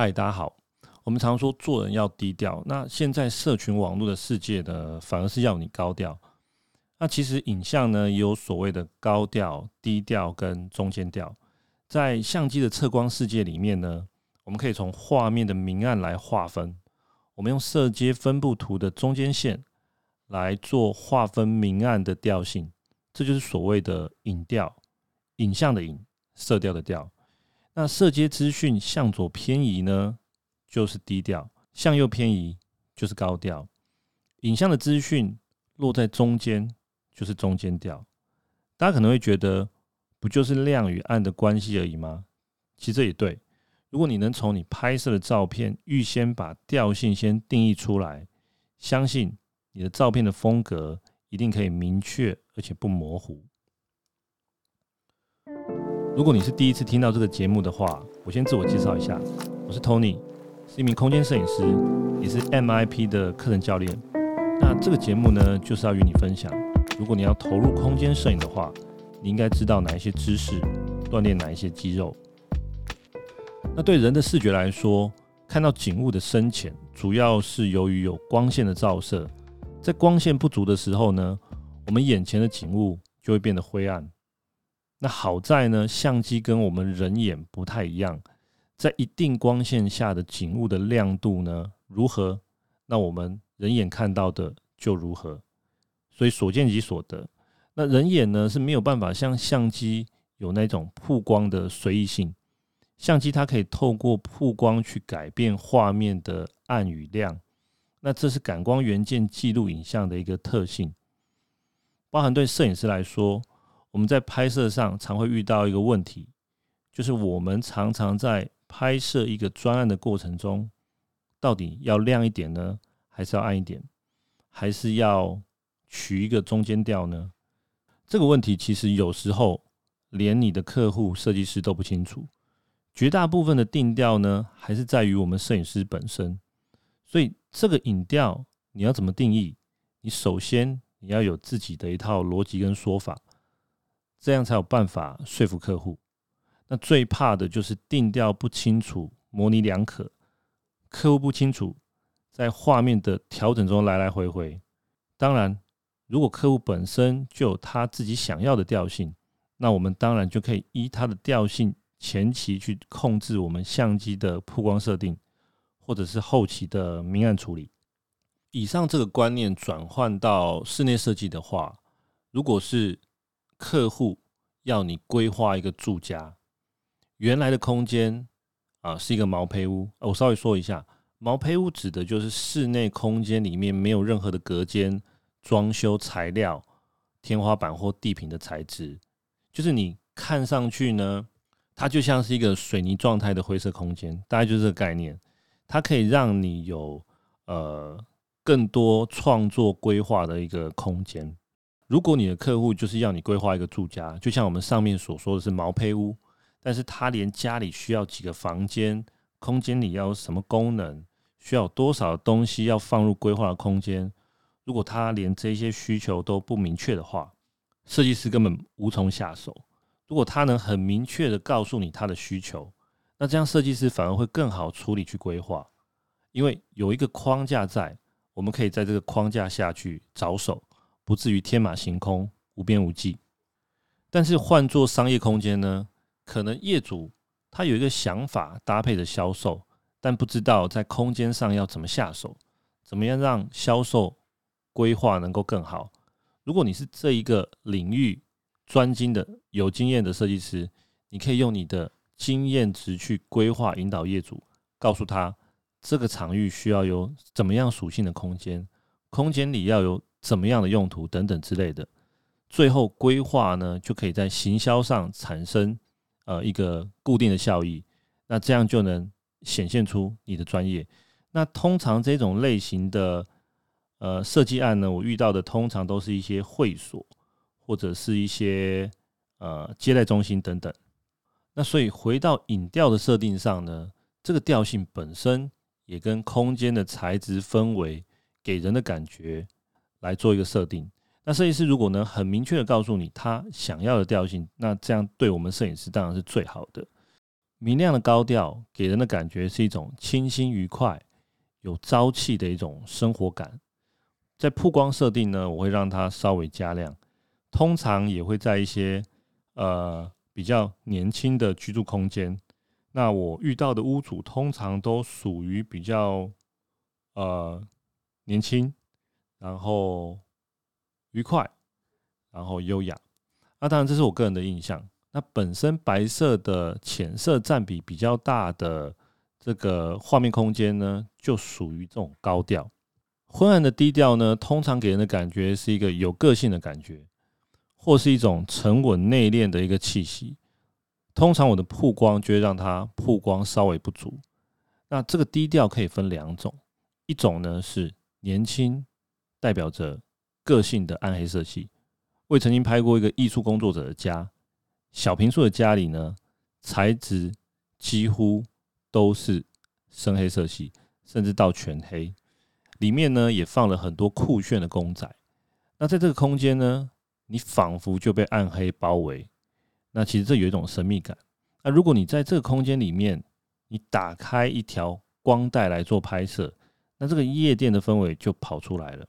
嗨，Hi, 大家好。我們常說做人要低調，那現在社群網絡的世界呢，反而是要你高調。那其實影像呢，也有所謂的高調、低調跟中間調。在相機的測光世界裡面呢，我們可以從畫面的明暗來劃分。我們用色階分布圖的中間線來做劃分明暗的調性，這就是所謂的影調，影像的影，色調的調。那色階資訊向左偏移呢，就是低調；向右偏移就是高調。影像的資訊落在中間，就是中間調。大家可能會覺得，不就是亮與暗的關係而已嗎？其實這也對。如果你能從你拍攝的照片預先把調性先定義出來，相信你的照片的風格一定可以明確而且不模糊。如果你是第一次聽到這個節目的話，我先自我介紹一下，我是 Tony，是一名空間攝影師，也是 MIP 的課程教練。那這個節目呢，就是要與你分享，如果你要投入空間攝影的話，你應該知道哪一些知識，鍛鍊哪一些肌肉。那對人的視覺來說，看到景物的深淺，主要是由於有光線的照射。在光線不足的時候呢，我們眼前的景物就會變得灰暗。那好在呢，相機跟我們人眼不太一樣，在一定光線下的景物的亮度呢？如何，那我們人眼看到的就如何，所以所見即所得。那人眼呢是沒有辦法像相機有那種曝光的隨意性，相機它可以透過曝光去改變畫面的暗與亮，那這是感光元件記錄影像的一個特性，包含對攝影師來說。我們在拍攝上常會遇到一個問題，就是我們常常在拍攝一個專案的過程中，到底要亮一點呢？還是要暗一點？還是要取一個中間調呢？這個問題其實有時候連你的客戶、設計師都不清楚。絕大部分的定調呢，還是在於我們攝影師本身。所以，這個影調你要怎麼定義？你首先你要有自己的一套邏輯跟說法。這樣才有辦法說服客戶。那最怕的就是定調不清楚、模稜兩可，客戶不清楚，在畫面的調整中來來回回。當然，如果客戶本身就有他自己想要的調性，那我們當然就可以依他的調性前期去控制我們相機的曝光設定，或者是後期的明暗處理。以上這個觀念轉換到室內設計的話，如果是，客戶要你規劃一個住家，原來的空間啊是一個毛坯屋。我稍微說一下，毛坯屋指的就是室內空間裡面沒有任何的隔間、裝修材料、天花板或地坪的材質，就是你看上去呢，它就像是一個水泥狀態的灰色空間，大概就是這個概念。它可以讓你有呃更多創作規劃的一個空間。如果你的客戶就是要你規劃一個住家，就像我們上面所說的是毛坯屋，但是他連家裡需要幾個房間，空間裡要有什麼功能，需要多少的東西要放入規劃的空間，如果他連這些需求都不明確的話，設計師根本無從下手。如果他能很明確的告訴你他的需求，那這樣設計師反而會更好處理去規劃，因為有一個框架在，我們可以在這個框架下去着手。不至於天馬行空無邊無際，但是換做商業空間呢？可能業主他有一個想法，搭配着銷售，但不知道在空間上要怎麼下手，怎麼樣讓銷售規劃能夠更好。如果你是這一個領域專精的有經驗的設計師，你可以用你的經驗值去規劃引導業主，告訴他這個場域需要有怎麼樣屬性的空間，空間裡要有。怎麼樣的用途等等之類的，最後規劃呢，就可以在行銷上產生呃一個固定的效益，那這樣就能顯現出你的專業。那通常這種類型的呃設計案呢，我遇到的通常都是一些會所或者是一些呃接待中心等等。那所以回到影調的設定上呢，這個調性本身也跟空間的材質氛圍給人的感覺。來做一個設定。那設計師如果能很明確的告訴你他想要的調性，那這樣對我們攝影師當然是最好的。明亮的高調給人的感覺是一種清新、愉快、有朝氣的一種生活感。在曝光設定呢，我會讓它稍微加亮。通常也會在一些呃比較年輕的居住空間。那我遇到的屋主通常都屬於比較呃年輕。然後愉快，然後優雅。那當然，這是我個人的印象。那本身白色的淺色佔比比較大的這個畫面空間呢，就屬於這種高調。昏暗的低調呢，通常給人的感覺是一個有個性的感覺，或是一種沉穩內斂的一個氣息。通常我的曝光就會讓它曝光稍微不足。那這個低調可以分兩種，一種呢是年輕。代表着個性的暗黑色系，我也曾經拍過一個藝術工作者的家，小平素的家裡呢，材質幾乎都是深黑色系，甚至到全黑。裡面呢也放了很多酷炫的公仔。那在這個空間呢，你仿佛就被暗黑包圍。那其實這有一種神秘感。那如果你在這個空間裡面，你打開一條光帶來做拍攝，那這個夜店的氛圍就跑出來了。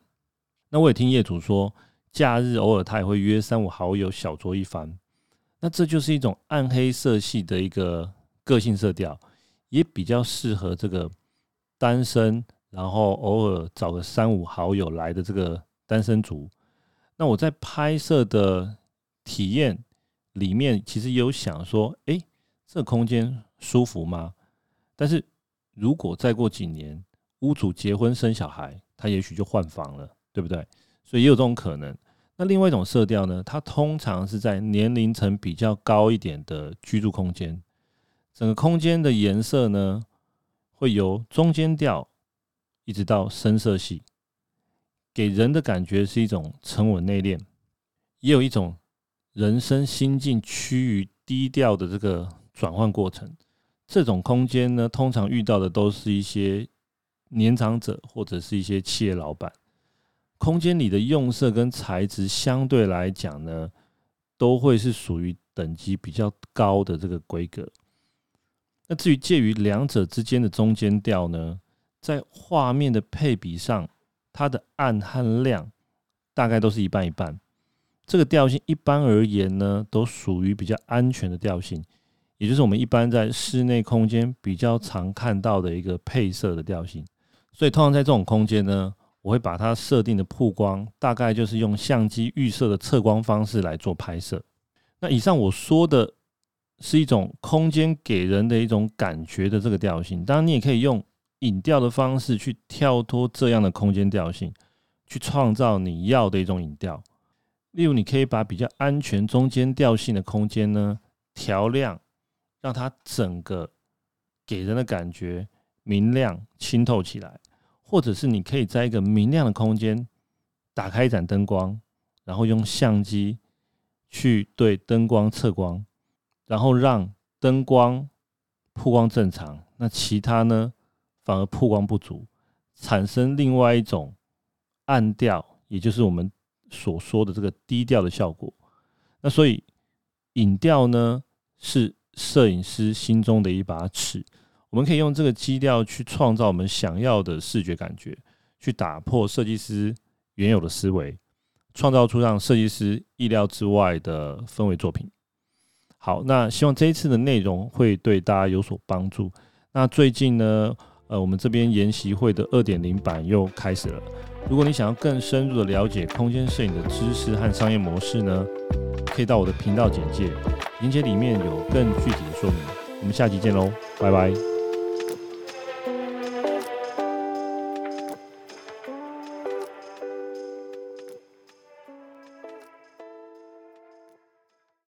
那我也聽業主說，假日偶爾他也會約三五好友小酌一番。那這就是一種暗黑色系的一個個性色調，也比較適合這個單身，然後偶爾找個三五好友來的這個單身族。那我在拍攝的體驗裡面，其實也有想說，誒，這空間舒服嗎？但是如果再過幾年，屋主結婚生小孩，他也許就換房了。對不對？所以也有這種可能。那另外一種色調呢，它通常是在年齡層比較高一點的居住空間，整個空間的顏色呢，會由中間調一直到深色系，給人的感覺是一種沉穩內斂，也有一種人生心境趨於低調的這個轉換過程。這種空間呢，通常遇到的都是一些年長者或者是一些企業老闆。空間裡的用色跟材質相對來講呢，都會是屬於等級比較高的這個規格。那至於介於兩者之間的中間調呢，在畫面的配比上，它的暗和亮大概都是一半一半。這個調性一般而言呢，都屬於比較安全的調性，也就是我們一般在室內空間比較常看到的一個配色的調性。所以通常在這種空間呢，我會把它設定的曝光，大概就是用相機預設的測光方式來做拍攝。那以上我說的是一種空間給人的一種感覺的這個調性，當然你也可以用影調的方式去跳脫這樣的空間調性，去創造你要的一種影調。例如，你可以把比較安全中間調性的空間呢，調亮，讓它整個給人的感覺明亮、清透起來。或者是你可以在一個明亮的空間打開一盞燈光，然後用相機去對燈光測光，然後讓燈光曝光正常，那其他呢反而曝光不足，產生另外一種暗調，也就是我們所說的這個低調的效果。那所以影調呢是攝影師心中的一把尺。我們可以用這個基調去創造我們想要的視覺感覺，去打破設計師原有的思維，創造出讓設計師意料之外的氛圍作品。好，那希望這一次的內容會對大家有所幫助。那最近呢，呃，我們這邊研習會的二點零版又開始了。如果你想要更深入的了解空間攝影的知識和商業模式呢，可以到我的頻道簡介，鏈接裡面有更具體的說明。我們下集見嘍，拜拜。